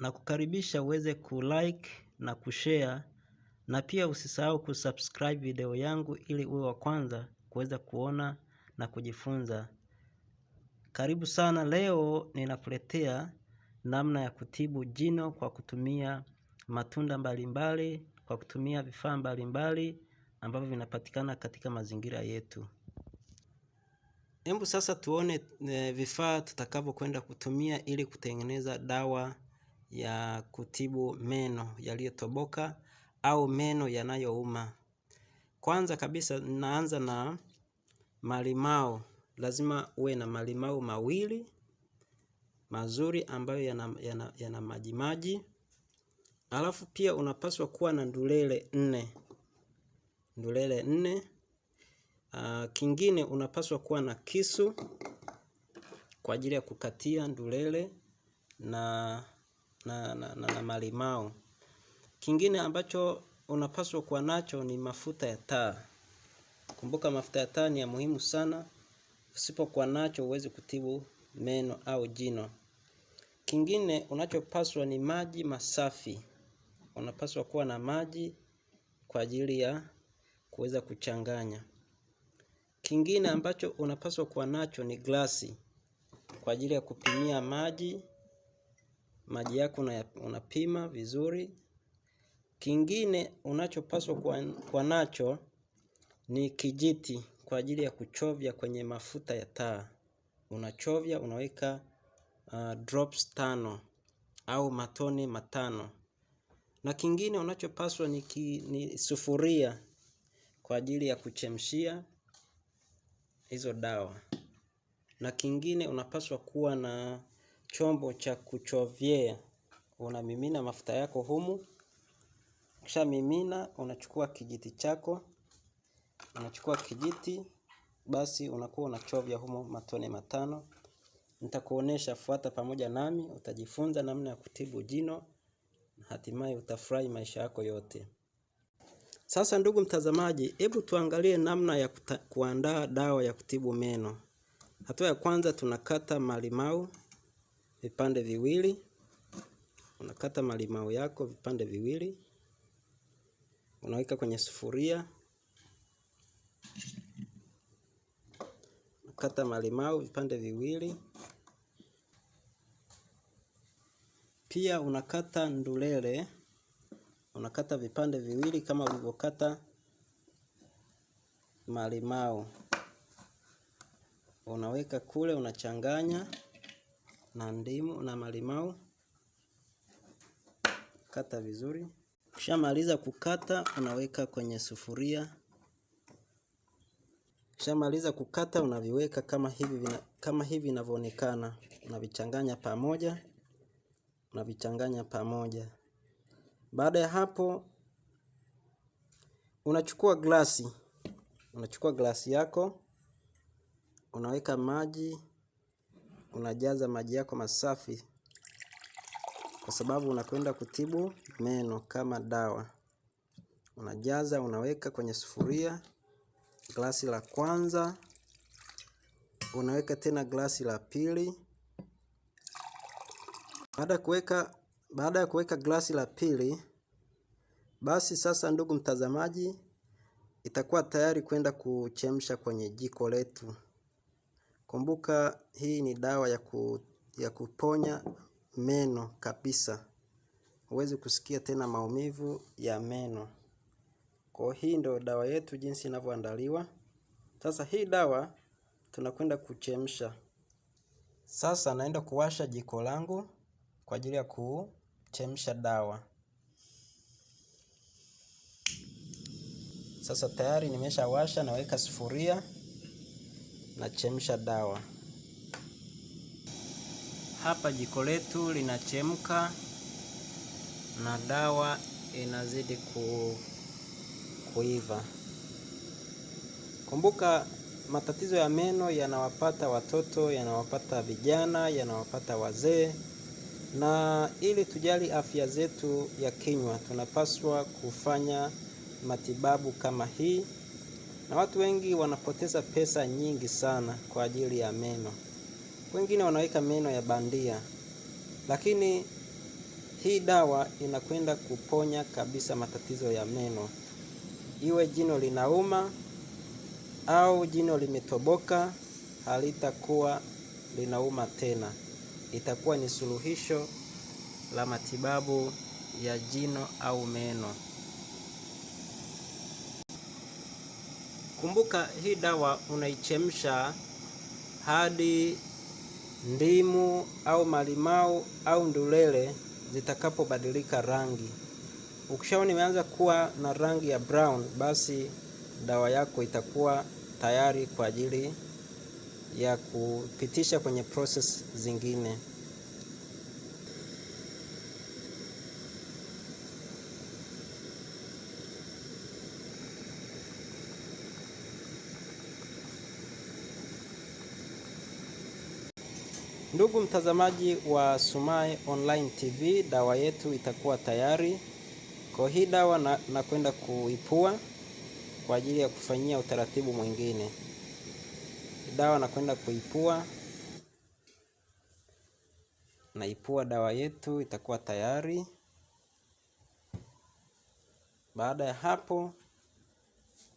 na kukaribisha uweze kulike na kushare na pia usisahau kusubscribe video yangu ili uwe wa kwanza kuweza kuona na kujifunza. Karibu sana. Leo ninakuletea namna ya kutibu jino kwa kutumia matunda mbalimbali mbali, kwa kutumia vifaa mbalimbali ambavyo vinapatikana katika mazingira yetu. Hebu sasa tuone eh, vifaa tutakavyokwenda kutumia ili kutengeneza dawa ya kutibu meno yaliyotoboka au meno yanayouma. Kwanza kabisa naanza na malimao. Lazima uwe na malimao mawili mazuri ambayo yana, yana, yana majimaji. Alafu pia unapaswa kuwa na ndulele nne, ndulele nne. Uh, kingine unapaswa kuwa na kisu kwa ajili ya kukatia ndulele na na, na, na, na malimao. Kingine ambacho unapaswa kuwa nacho ni mafuta ya taa. Kumbuka mafuta ya taa ni ya muhimu sana, usipokuwa nacho huwezi kutibu meno au jino. Kingine unachopaswa ni maji masafi. Unapaswa kuwa na maji kwa ajili ya kuweza kuchanganya. Kingine ambacho unapaswa kuwa nacho ni glasi kwa ajili ya kupimia maji maji yako unapima vizuri. Kingine unachopaswa kuwa, kuwa nacho ni kijiti kwa ajili ya kuchovya kwenye mafuta ya taa. Unachovya unaweka uh, drops tano au matone matano. Na kingine unachopaswa ni, ki, ni sufuria kwa ajili ya kuchemshia hizo dawa. Na kingine unapaswa kuwa na chombo cha kuchovyea, unamimina mafuta yako humu. Kisha mimina, unachukua kijiti chako, unachukua kijiti basi, unakuwa unachovya humo matone matano. Nitakuonesha, fuata pamoja nami, utajifunza namna ya kutibu jino na hatimaye utafurahi maisha yako yote. Sasa ndugu mtazamaji, hebu tuangalie namna ya kuandaa dawa ya kutibu meno. Hatua ya kwanza tunakata malimau vipande viwili, unakata malimau yako vipande viwili, unaweka kwenye sufuria, unakata malimau vipande viwili. Pia unakata ndulele, unakata vipande viwili kama ulivyokata malimau, unaweka kule, unachanganya na ndimu na malimau. Kata vizuri. Ukishamaliza kukata unaweka kwenye sufuria. Ukishamaliza kukata unaviweka kama hivi vina, kama hivi vinavyoonekana, unavichanganya pamoja, unavichanganya pamoja. Baada ya hapo unachukua glasi, unachukua glasi yako unaweka maji unajaza maji yako masafi, kwa sababu unakwenda kutibu meno kama dawa. Unajaza, unaweka kwenye sufuria, glasi la kwanza, unaweka tena glasi la pili. Baada ya kuweka baada ya kuweka glasi la pili, basi sasa, ndugu mtazamaji, itakuwa tayari kwenda kuchemsha kwenye jiko letu. Kumbuka hii ni dawa ya, ku, ya kuponya meno kabisa. Huwezi kusikia tena maumivu ya meno. Kwa hii ndio dawa yetu jinsi inavyoandaliwa. Sasa hii dawa tunakwenda kuchemsha. Sasa naenda kuwasha jiko langu kwa ajili ya kuchemsha dawa. Sasa tayari nimeshawasha, naweka sufuria nachemsha dawa. Hapa jiko letu linachemka na dawa inazidi ku, kuiva. Kumbuka matatizo ya meno yanawapata watoto, yanawapata vijana, yanawapata wazee na ili tujali afya zetu ya kinywa tunapaswa kufanya matibabu kama hii na watu wengi wanapoteza pesa nyingi sana kwa ajili ya meno. Wengine wanaweka meno ya bandia, lakini hii dawa inakwenda kuponya kabisa matatizo ya meno, iwe jino linauma au jino limetoboka, halitakuwa linauma tena. Itakuwa ni suluhisho la matibabu ya jino au meno. Kumbuka hii dawa unaichemsha hadi ndimu au malimau au ndulele zitakapobadilika rangi. Ukishaona imeanza kuwa na rangi ya brown, basi dawa yako itakuwa tayari kwa ajili ya kupitisha kwenye process zingine. Ndugu mtazamaji wa Sumai Online TV, dawa yetu itakuwa tayari. Kwa hii dawa na, nakwenda kuipua kwa ajili ya kufanyia utaratibu mwingine. Dawa nakwenda kuipua, naipua dawa yetu itakuwa tayari. Baada ya hapo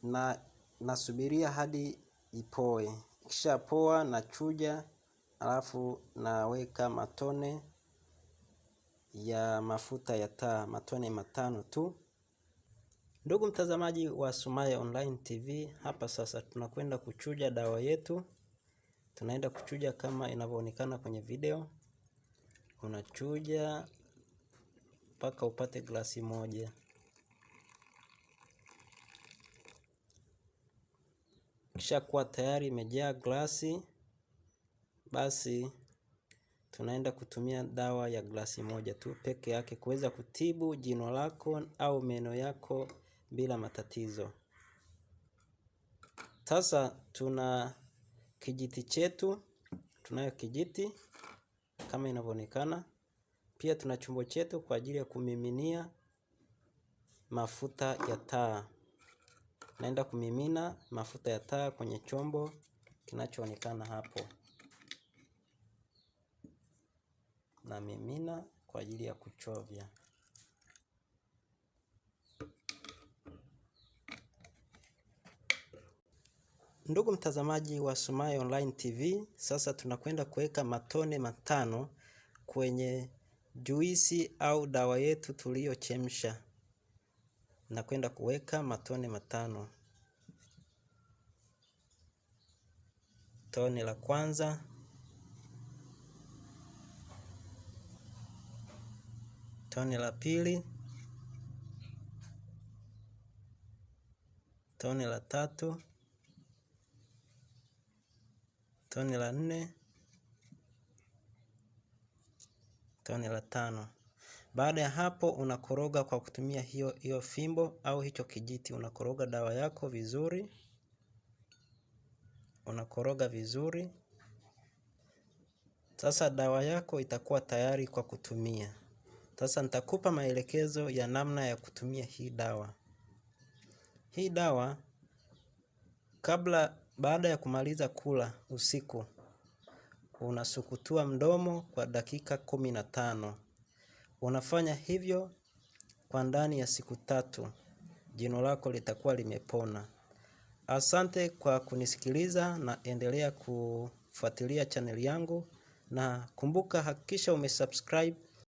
na nasubiria hadi ipoe, kisha poa na chuja alafu naweka matone ya mafuta ya taa, matone matano tu. Ndugu mtazamaji wa Sumaya Online TV, hapa sasa tunakwenda kuchuja dawa yetu. Tunaenda kuchuja kama inavyoonekana kwenye video. Unachuja mpaka upate glasi moja. Kisha kuwa tayari imejaa glasi, basi tunaenda kutumia dawa ya glasi moja tu peke yake kuweza kutibu jino lako au meno yako bila matatizo. Sasa tuna kijiti chetu, tunayo kijiti kama inavyoonekana. Pia tuna chombo chetu kwa ajili ya kumiminia mafuta ya taa. Naenda kumimina mafuta ya taa kwenye chombo kinachoonekana hapo. na mimina kwa ajili ya kuchovya. Ndugu mtazamaji wa Sumai Online TV, sasa tunakwenda kuweka matone matano kwenye juisi au dawa yetu tuliyochemsha. Nakwenda kuweka matone matano. Tone la kwanza, Toni la pili, toni la tatu, toni la nne, toni la tano. Baada ya hapo unakoroga kwa kutumia hiyo hiyo fimbo au hicho kijiti, unakoroga dawa yako vizuri, unakoroga vizuri. Sasa dawa yako itakuwa tayari kwa kutumia. Sasa nitakupa maelekezo ya namna ya kutumia hii dawa. Hii dawa kabla baada ya kumaliza kula usiku unasukutua mdomo kwa dakika kumi na tano. Unafanya hivyo kwa ndani ya siku tatu. Jino lako litakuwa limepona. Asante kwa kunisikiliza na endelea kufuatilia chaneli yangu na kumbuka hakikisha umesubscribe